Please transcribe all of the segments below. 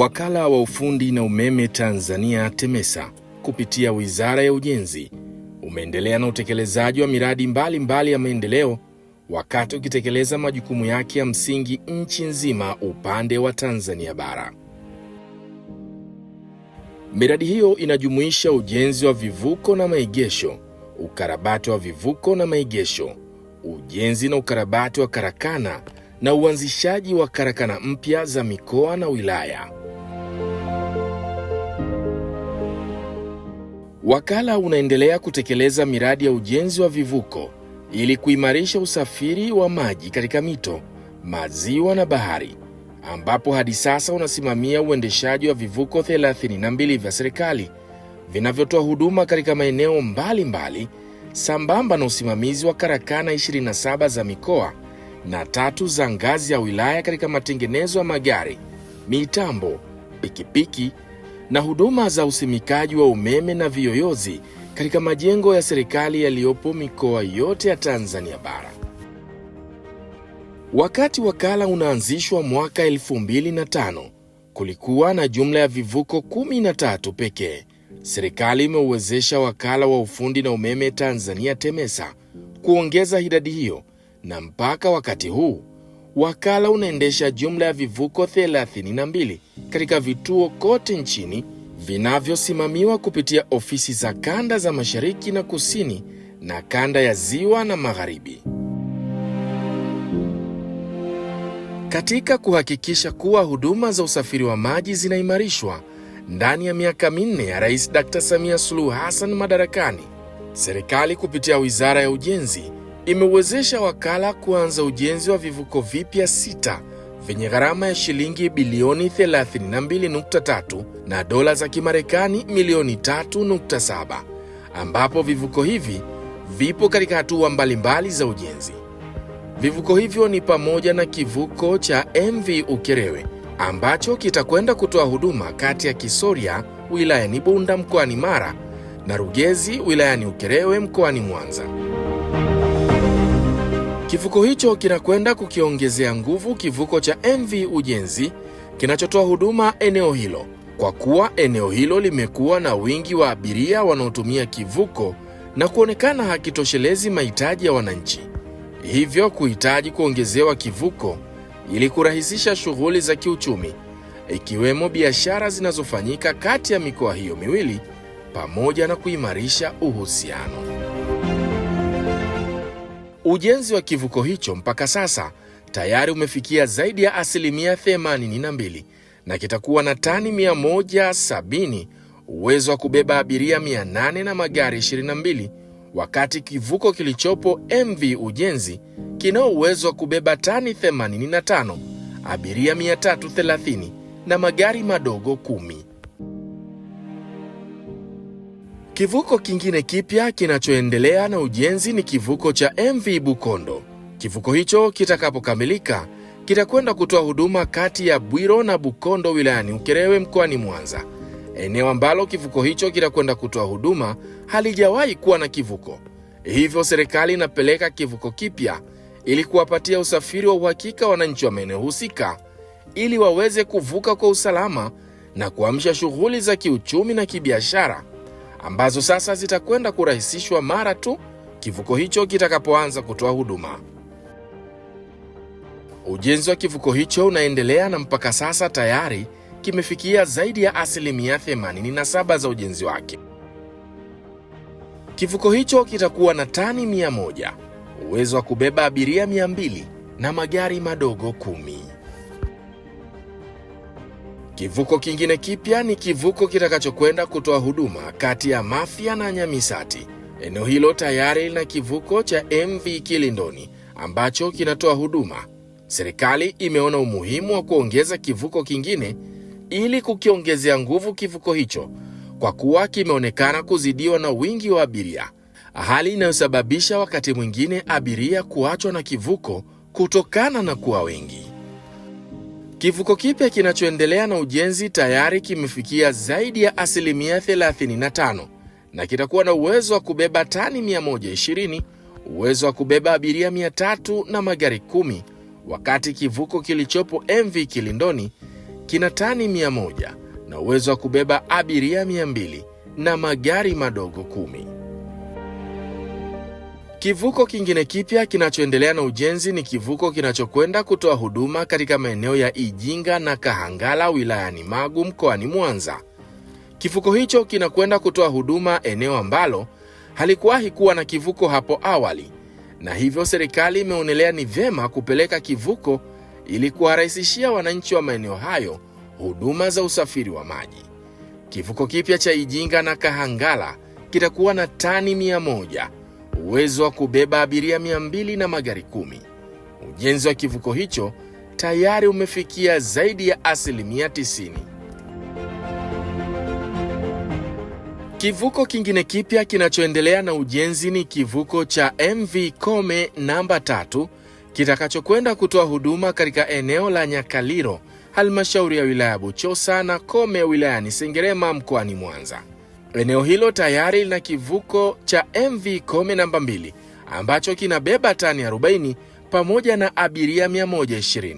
Wakala wa Ufundi na Umeme Tanzania TEMESA kupitia Wizara ya Ujenzi umeendelea na utekelezaji wa miradi mbalimbali mbali ya maendeleo wakati ukitekeleza majukumu yake ya msingi nchi nzima upande wa Tanzania bara. Miradi hiyo inajumuisha ujenzi wa vivuko na maegesho, ukarabati wa vivuko na maegesho, ujenzi na ukarabati wa karakana na uanzishaji wa karakana mpya za mikoa na wilaya. Wakala unaendelea kutekeleza miradi ya ujenzi wa vivuko ili kuimarisha usafiri wa maji katika mito, maziwa na bahari, ambapo hadi sasa unasimamia uendeshaji wa vivuko 32 vya serikali vinavyotoa huduma katika maeneo mbalimbali, sambamba na usimamizi wa karakana 27 za mikoa na tatu za ngazi ya wilaya katika matengenezo ya magari, mitambo, pikipiki na huduma za usimikaji wa umeme na viyoyozi katika majengo ya serikali yaliyopo mikoa yote ya Tanzania bara. Wakati wakala unaanzishwa mwaka 2005, kulikuwa na jumla ya vivuko 13 pekee. Serikali imeuwezesha wakala wa ufundi na umeme Tanzania TEMESA kuongeza idadi hiyo na mpaka wakati huu Wakala unaendesha jumla ya vivuko 32 katika vituo kote nchini vinavyosimamiwa kupitia ofisi za kanda za mashariki na kusini na kanda ya ziwa na magharibi. Katika kuhakikisha kuwa huduma za usafiri wa maji zinaimarishwa ndani ya miaka minne ya Rais dr Samia Suluhu Hassan madarakani, serikali kupitia Wizara ya Ujenzi imewezesha wakala kuanza ujenzi wa vivuko vipya sita vyenye gharama ya shilingi bilioni 32.3 na dola za Kimarekani milioni 3.7 ambapo vivuko hivi vipo katika hatua mbalimbali za ujenzi. Vivuko hivyo ni pamoja na kivuko cha MV Ukerewe ambacho kitakwenda kutoa huduma kati ya Kisoria wilayani Bunda mkoani Mara na Rugezi wilayani Ukerewe mkoani Mwanza. Kivuko hicho kinakwenda kukiongezea nguvu kivuko cha MV Ujenzi kinachotoa huduma eneo hilo, kwa kuwa eneo hilo limekuwa na wingi wa abiria wanaotumia kivuko na kuonekana hakitoshelezi mahitaji ya wananchi, hivyo kuhitaji kuongezewa kivuko ili kurahisisha shughuli za kiuchumi ikiwemo biashara zinazofanyika kati ya mikoa hiyo miwili pamoja na kuimarisha uhusiano. Ujenzi wa kivuko hicho mpaka sasa tayari umefikia zaidi ya asilimia 82 na kitakuwa na tani 170, uwezo wa kubeba abiria 800 na magari 22, wakati kivuko kilichopo MV Ujenzi kina uwezo wa kubeba tani 85, abiria 330 na magari madogo kumi. Kivuko kingine kipya kinachoendelea na ujenzi ni kivuko cha MV Bukondo. Kivuko hicho kitakapokamilika kitakwenda kutoa huduma kati ya Bwiro na Bukondo wilayani Ukerewe mkoani Mwanza. Eneo ambalo kivuko hicho kitakwenda kutoa huduma halijawahi kuwa na kivuko, hivyo serikali inapeleka kivuko kipya ili kuwapatia usafiri wa uhakika wananchi wa maeneo husika ili waweze kuvuka kwa usalama na kuamsha shughuli za kiuchumi na kibiashara ambazo sasa zitakwenda kurahisishwa mara tu kivuko hicho kitakapoanza kutoa huduma. Ujenzi wa kivuko hicho unaendelea na mpaka sasa tayari kimefikia zaidi ya asilimia 87 za ujenzi wake. Kivuko hicho kitakuwa na tani 100, uwezo wa kubeba abiria 200 na magari madogo kumi. Kivuko kingine kipya ni kivuko kitakachokwenda kutoa huduma kati ya Mafia na Nyamisati. Eneo hilo tayari lina kivuko cha MV Kilindoni ambacho kinatoa huduma. Serikali imeona umuhimu wa kuongeza kivuko kingine ili kukiongezea nguvu kivuko hicho kwa kuwa kimeonekana kuzidiwa na wingi wa abiria, hali inayosababisha wakati mwingine abiria kuachwa na kivuko kutokana na kuwa wengi. Kivuko kipya kinachoendelea na ujenzi tayari kimefikia zaidi ya asilimia 35 na kitakuwa na uwezo wa kubeba tani 120, uwezo wa kubeba abiria 300 na magari kumi wakati kivuko kilichopo MV Kilindoni kina tani 100 na uwezo wa kubeba abiria 200 na magari madogo kumi. Kivuko kingine kipya kinachoendelea na ujenzi ni kivuko kinachokwenda kutoa huduma katika maeneo ya Ijinga na Kahangala wilayani Magu mkoani Mwanza. Kivuko hicho kinakwenda kutoa huduma eneo ambalo halikuwahi kuwa na kivuko hapo awali, na hivyo serikali imeonelea ni vyema kupeleka kivuko ili kuwarahisishia wananchi wa maeneo hayo huduma za usafiri wa maji. Kivuko kipya cha Ijinga na Kahangala kitakuwa na tani mia moja uwezo wa kubeba abiria mia mbili na magari kumi. Ujenzi wa kivuko hicho tayari umefikia zaidi ya asilimia 90. Kivuko kingine kipya kinachoendelea na ujenzi ni kivuko cha MV Kome namba tatu kitakachokwenda kutoa huduma katika eneo la Nyakaliro, halmashauri ya wilaya ya Buchosa na Kome wilayani Sengerema mkoani Mwanza. Eneo hilo tayari lina kivuko cha MV Kome namba 2 ambacho kinabeba tani 40 pamoja na abiria 120.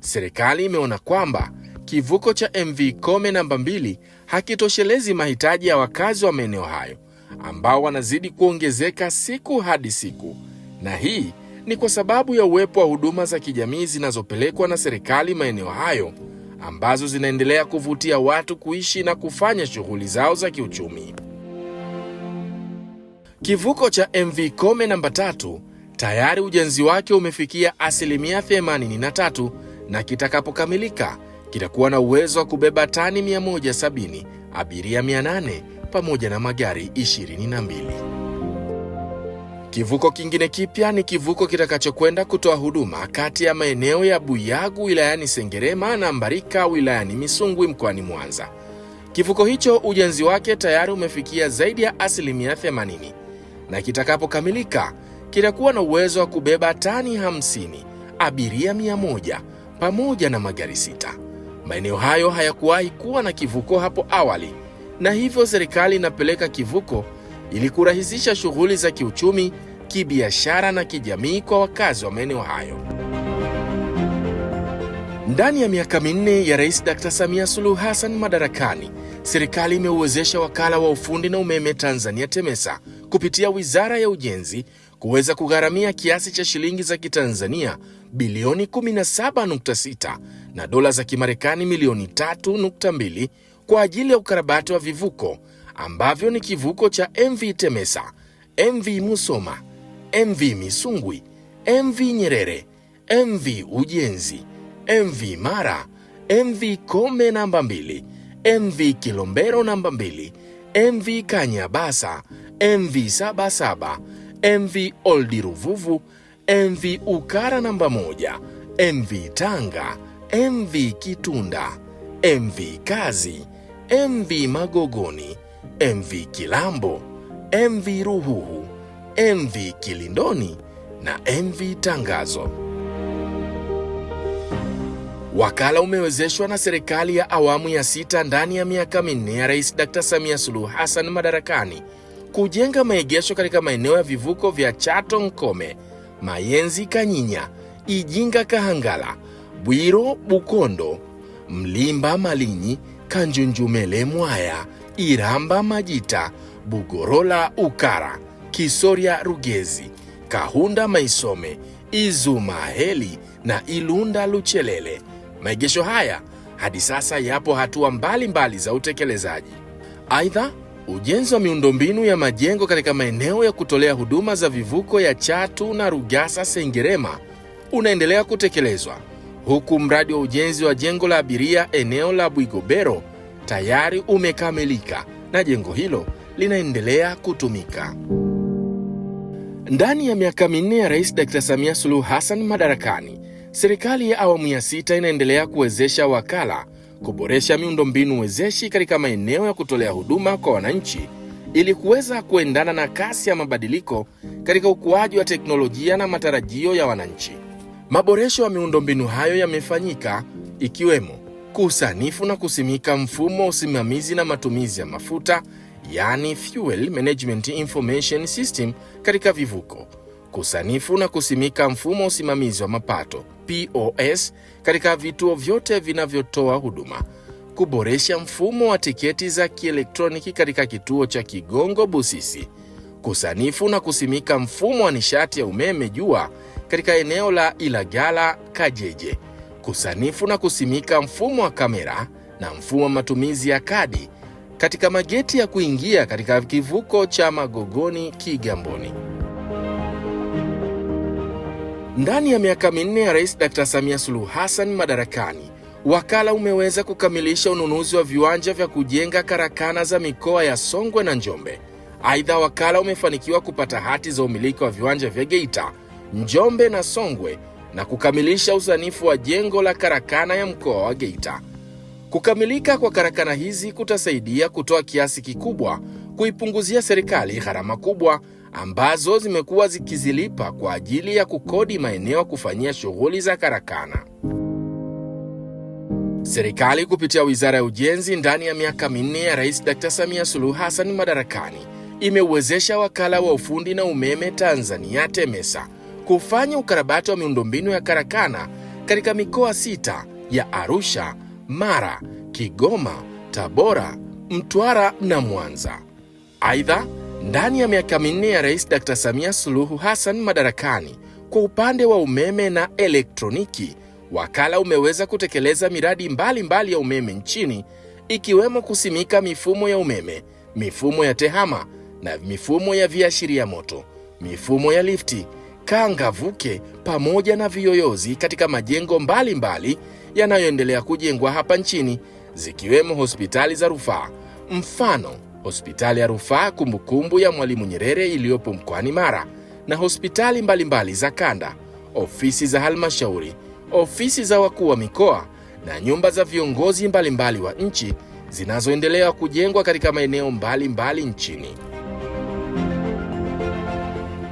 Serikali imeona kwamba kivuko cha MV Kome namba 2 hakitoshelezi mahitaji ya wakazi wa maeneo hayo ambao wanazidi kuongezeka siku hadi siku, na hii ni kwa sababu ya uwepo wa huduma za kijamii zinazopelekwa na serikali maeneo hayo ambazo zinaendelea kuvutia watu kuishi na kufanya shughuli zao za kiuchumi. Kivuko cha MV Kome namba tatu tayari ujenzi wake umefikia asilimia 83 na kitakapokamilika kitakuwa na uwezo wa kubeba tani 170, abiria 800 pamoja na magari 22. Kivuko kingine kipya ni kivuko kitakachokwenda kutoa huduma kati ya maeneo ya Buyagu wilayani Sengerema na Mbarika wilayani Misungwi mkoani Mwanza. Kivuko hicho ujenzi wake tayari umefikia zaidi ya asilimia 80 na kitakapokamilika kitakuwa na uwezo wa kubeba tani 50, abiria 100 pamoja na magari sita. Maeneo hayo hayakuwahi kuwa na kivuko hapo awali, na hivyo serikali inapeleka kivuko ili kurahisisha shughuli za kiuchumi, kibiashara na kijamii kwa wakazi wa maeneo hayo. Ndani ya miaka minne ya Rais Dr. Samia Suluhu Hassan madarakani, serikali imeuwezesha Wakala wa Ufundi na Umeme Tanzania TEMESA kupitia Wizara ya Ujenzi kuweza kugharamia kiasi cha shilingi za Kitanzania bilioni 17.6 na dola za Kimarekani milioni 3.2 kwa ajili ya ukarabati wa vivuko ambavyo ni kivuko cha MV Temesa, MV Musoma, MV Misungwi, MV Nyerere, MV Ujenzi, MV Mara, MV Kome namba mbili, MV Kilombero namba mbili, MV Kanyabasa, MV sabasaba MV Oldi Ruvuvu, MV Ukara namba moja, MV Tanga, MV Kitunda, MV Kazi, MV Magogoni, MV Kilambo, MV Ruhuhu, MV Kilindoni na MV Tangazo. Wakala umewezeshwa na serikali ya awamu ya sita ndani ya miaka minne ya Rais Dr. Samia Suluhu Hassan madarakani kujenga maegesho katika maeneo ya vivuko vya Chato Nkome, Mayenzi Kanyinya, Ijinga Kahangala, Bwiro Bukondo, Mlimba Malinyi, Kanjunjumele Mwaya Iramba Majita, Bugorola Ukara, Kisoria Rugezi, Kahunda Maisome, Izuma Heli na Ilunda Luchelele. Maegesho haya hadi sasa yapo hatua mbalimbali mbali za utekelezaji. Aidha, ujenzi wa miundombinu ya majengo katika maeneo ya kutolea huduma za vivuko ya Chatu na Rugasa Sengerema unaendelea kutekelezwa, huku mradi wa ujenzi wa jengo la abiria eneo la Bwigobero tayari umekamilika na jengo hilo linaendelea kutumika. Ndani ya miaka minne ya Rais Dr. Samia Suluhu Hassan madarakani, serikali ya awamu ya sita inaendelea kuwezesha wakala kuboresha miundombinu wezeshi katika maeneo ya kutolea huduma kwa wananchi ili kuweza kuendana na kasi ya mabadiliko katika ukuaji wa teknolojia na matarajio ya wananchi. Maboresho ya miundombinu hayo yamefanyika ikiwemo kusanifu na kusimika mfumo wa usimamizi na matumizi ya mafuta yani Fuel Management Information System katika vivuko, kusanifu na kusimika mfumo wa usimamizi wa mapato POS katika vituo vyote vinavyotoa huduma, kuboresha mfumo wa tiketi za kielektroniki katika kituo cha Kigongo Busisi, kusanifu na kusimika mfumo wa nishati ya umeme jua katika eneo la Ilagala Kajeje kusanifu na kusimika mfumo wa kamera na mfumo wa matumizi ya kadi katika mageti ya kuingia katika kivuko cha Magogoni Kigamboni. Ndani ya miaka minne ya Rais Dr. Samia Suluhu Hassan madarakani, wakala umeweza kukamilisha ununuzi wa viwanja vya kujenga karakana za mikoa ya Songwe na Njombe. Aidha, wakala umefanikiwa kupata hati za umiliki wa viwanja vya Geita, Njombe na Songwe na kukamilisha usanifu wa jengo la karakana ya mkoa wa Geita. Kukamilika kwa karakana hizi kutasaidia kutoa kiasi kikubwa kuipunguzia serikali gharama kubwa ambazo zimekuwa zikizilipa kwa ajili ya kukodi maeneo ya kufanyia shughuli za karakana. Serikali kupitia Wizara ya Ujenzi ndani ya miaka minne ya Rais Dkt. Samia Suluhu Hassan madarakani imeuwezesha Wakala wa Ufundi na Umeme Tanzania TEMESA kufanya ukarabati wa miundombinu ya karakana katika mikoa sita ya Arusha, Mara, Kigoma, Tabora, Mtwara na Mwanza. Aidha, ndani ya miaka minne ya Rais Dr. Samia Suluhu Hassan madarakani, kwa upande wa umeme na elektroniki, wakala umeweza kutekeleza miradi mbalimbali mbali ya umeme nchini ikiwemo kusimika mifumo ya umeme, mifumo ya tehama na mifumo ya viashiria moto, mifumo ya lifti kanga vuke pamoja na viyoyozi katika majengo mbalimbali yanayoendelea kujengwa hapa nchini zikiwemo hospitali za rufaa, mfano hospitali ya rufaa kumbukumbu ya Mwalimu Nyerere iliyopo mkoani Mara na hospitali mbalimbali mbali za kanda, ofisi za halmashauri, ofisi za wakuu wa mikoa na nyumba za viongozi mbalimbali mbali wa nchi zinazoendelea kujengwa katika maeneo mbalimbali mbali nchini.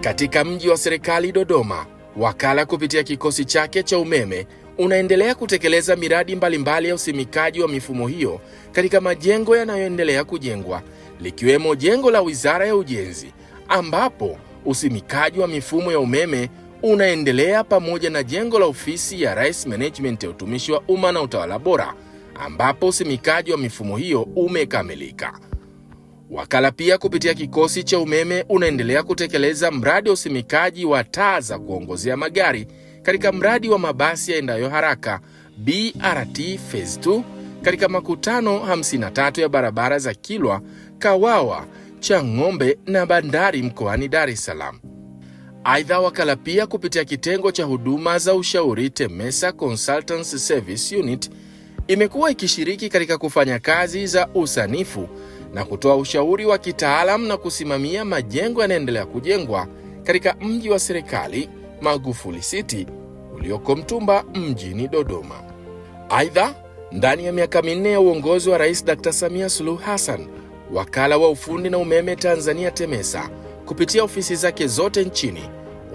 Katika mji wa serikali Dodoma, wakala kupitia kikosi chake cha umeme unaendelea kutekeleza miradi mbalimbali mbali ya usimikaji wa mifumo hiyo katika majengo yanayoendelea kujengwa likiwemo jengo la Wizara ya Ujenzi ambapo usimikaji wa mifumo ya umeme unaendelea pamoja na jengo la ofisi ya Rais Management ya utumishi wa umma na utawala bora ambapo usimikaji wa mifumo hiyo umekamilika. Wakala pia kupitia kikosi cha umeme unaendelea kutekeleza mradi wa usimikaji wa taa za kuongozea magari katika mradi wa mabasi yaendayo haraka BRT Phase 2 katika makutano 53 ya barabara za Kilwa, Kawawa, Chang'ombe na Bandari mkoani Dar es Salaam. Aidha, wakala pia kupitia kitengo cha huduma za ushauri TEMESA Consultants Service Unit imekuwa ikishiriki katika kufanya kazi za usanifu na kutoa ushauri wa kitaalamu na kusimamia majengo yanaendelea kujengwa katika mji wa serikali Magufuli City ulioko Mtumba mjini Dodoma. Aidha, ndani ya miaka minne ya uongozi wa Rais Dr. Samia Suluhu Hassan, wakala wa ufundi na umeme Tanzania TEMESA kupitia ofisi zake zote nchini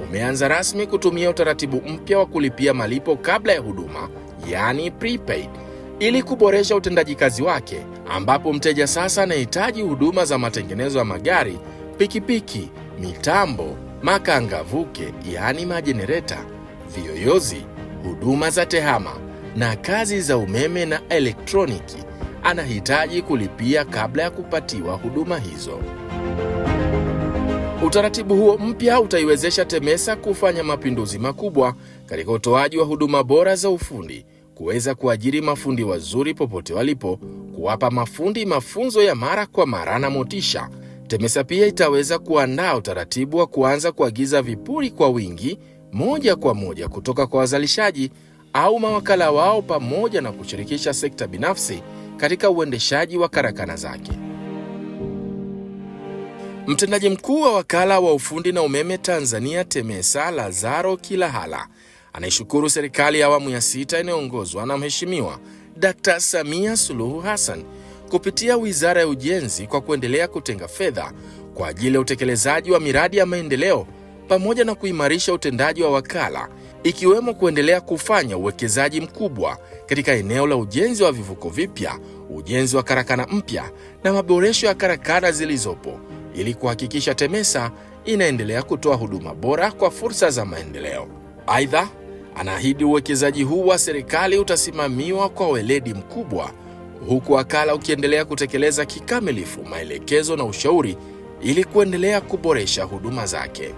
umeanza rasmi kutumia utaratibu mpya wa kulipia malipo kabla ya huduma, yaani prepaid ili kuboresha utendaji kazi wake, ambapo mteja sasa anahitaji huduma za matengenezo ya magari, pikipiki, mitambo, makangavuke yaani majenereta, viyoyozi, huduma za tehama na kazi za umeme na elektroniki anahitaji kulipia kabla ya kupatiwa huduma hizo. Utaratibu huo mpya utaiwezesha TEMESA kufanya mapinduzi makubwa katika utoaji wa huduma bora za ufundi kuweza kuajiri mafundi wazuri popote walipo, kuwapa mafundi mafunzo ya mara kwa mara na motisha. TEMESA pia itaweza kuandaa utaratibu wa kuanza kuagiza vipuri kwa wingi moja kwa moja kutoka kwa wazalishaji au mawakala wao pamoja na kushirikisha sekta binafsi katika uendeshaji wa karakana zake. Mtendaji mkuu wa wakala wa ufundi na umeme Tanzania TEMESA Lazaro Kilahala anaishukuru serikali ya awamu ya sita inayoongozwa na Mheshimiwa Dkt. Samia Suluhu Hassan kupitia Wizara ya Ujenzi kwa kuendelea kutenga fedha kwa ajili ya utekelezaji wa miradi ya maendeleo pamoja na kuimarisha utendaji wa wakala ikiwemo kuendelea kufanya uwekezaji mkubwa katika eneo la ujenzi wa vivuko vipya, ujenzi wa karakana mpya na maboresho ya karakana zilizopo ili kuhakikisha TEMESA inaendelea kutoa huduma bora kwa fursa za maendeleo. Aidha, Anaahidi uwekezaji huu wa serikali utasimamiwa kwa weledi mkubwa, huku wakala ukiendelea kutekeleza kikamilifu maelekezo na ushauri ili kuendelea kuboresha huduma zake.